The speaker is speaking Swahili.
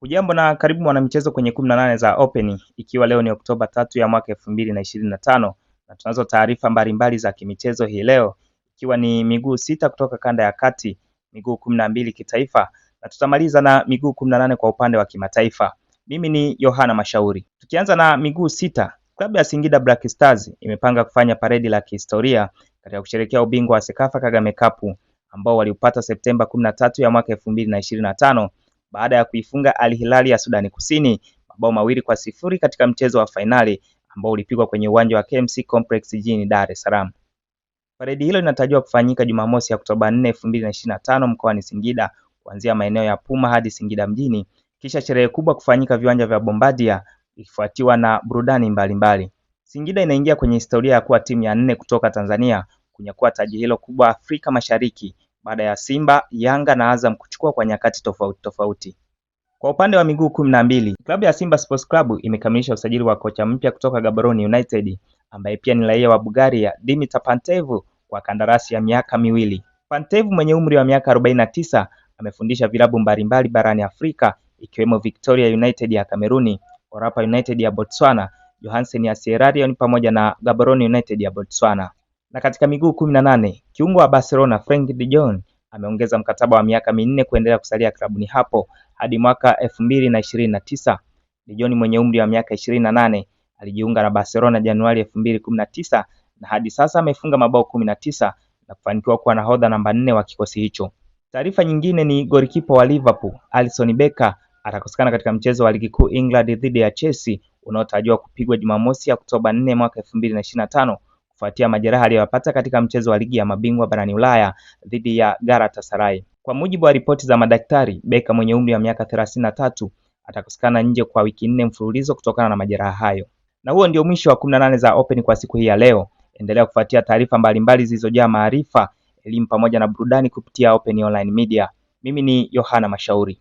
Hujambo na karibu mwanamichezo kwenye kumi na nane za Open, ikiwa leo ni Oktoba tatu ya mwaka elfu mbili na ishirini na tano na tunazo taarifa mbalimbali za kimichezo hii leo, ikiwa ni miguu sita kutoka kanda ya kati, miguu kumi na mbili kitaifa na tutamaliza na miguu kumi na nane kwa upande wa kimataifa. Mimi ni Yohana Mashauri. Tukianza na miguu sita, klabu ya Singida Black Stars imepanga kufanya paredi la kihistoria katika kusherekea ubingwa wa Sekafa Kagame Cup ambao waliupata Septemba kumi na tatu ya mwaka elfu mbili na ishirini na tano baada ya kuifunga Al Hilal ya Sudani Kusini mabao mawili kwa sifuri katika mchezo wa fainali ambao ulipigwa kwenye uwanja wa KMC Complex jijini Dar es Salaam. Paredi hilo linatarajiwa kufanyika Jumamosi Oktoba 4, 2025 mkoani Singida kuanzia maeneo ya Puma hadi Singida mjini, kisha sherehe kubwa kufanyika viwanja vya Bombadia ikifuatiwa na burudani mbalimbali. Singida inaingia kwenye historia ya kuwa timu ya nne kutoka Tanzania kunyakua taji hilo kubwa Afrika Mashariki baada ya Simba, Yanga na Azam kuchukua kwa nyakati tofauti tofauti. Kwa upande wa miguu kumi na mbili, klabu ya Simba Sports Club imekamilisha usajili wa kocha mpya kutoka Gaborone United ambaye pia ni raia wa Bulgaria, Dimitar Pantevu kwa kandarasi ya miaka miwili. Pantevu mwenye umri wa miaka 49 amefundisha vilabu mbalimbali barani Afrika ikiwemo Victoria United ya Kameruni, Orapa United ya Botswana, Johansen ya Sierra Leone pamoja na Gaborone United ya Botswana na katika miguu kumi na nane kiungo wa Barcelona Frank de Jong ameongeza mkataba wa miaka minne kuendelea kusalia klabuni hapo hadi mwaka elfu mbili na ishirini na tisa. De Jong mwenye umri wa miaka ishirini na nane alijiunga na Barcelona Januari elfu mbili kumi na tisa na hadi sasa amefunga mabao kumi na tisa na kufanikiwa kuwa nahodha namba nne wa kikosi hicho. Taarifa nyingine ni golikipa wa Liverpool Alison Becker atakosekana katika mchezo wa ligi kuu England dhidi ya Chelsea unaotarajiwa kupigwa Jumamosi Oktoba 4 mwaka elfu mbili na ishirini na tano kufuatia majeraha aliyopata katika mchezo wa ligi ya mabingwa barani Ulaya dhidi ya Galatasaray. Kwa mujibu wa ripoti za madaktari, beka mwenye umri wa miaka thelathini na tatu atakosekana nje kwa wiki nne mfululizo kutokana na majeraha hayo. Na huo ndio mwisho wa kumi na nane za Open kwa siku hii ya leo. Endelea kufuatia taarifa mbalimbali zilizojaa maarifa, elimu pamoja na burudani kupitia Open Online Media. Mimi ni Yohana Mashauri.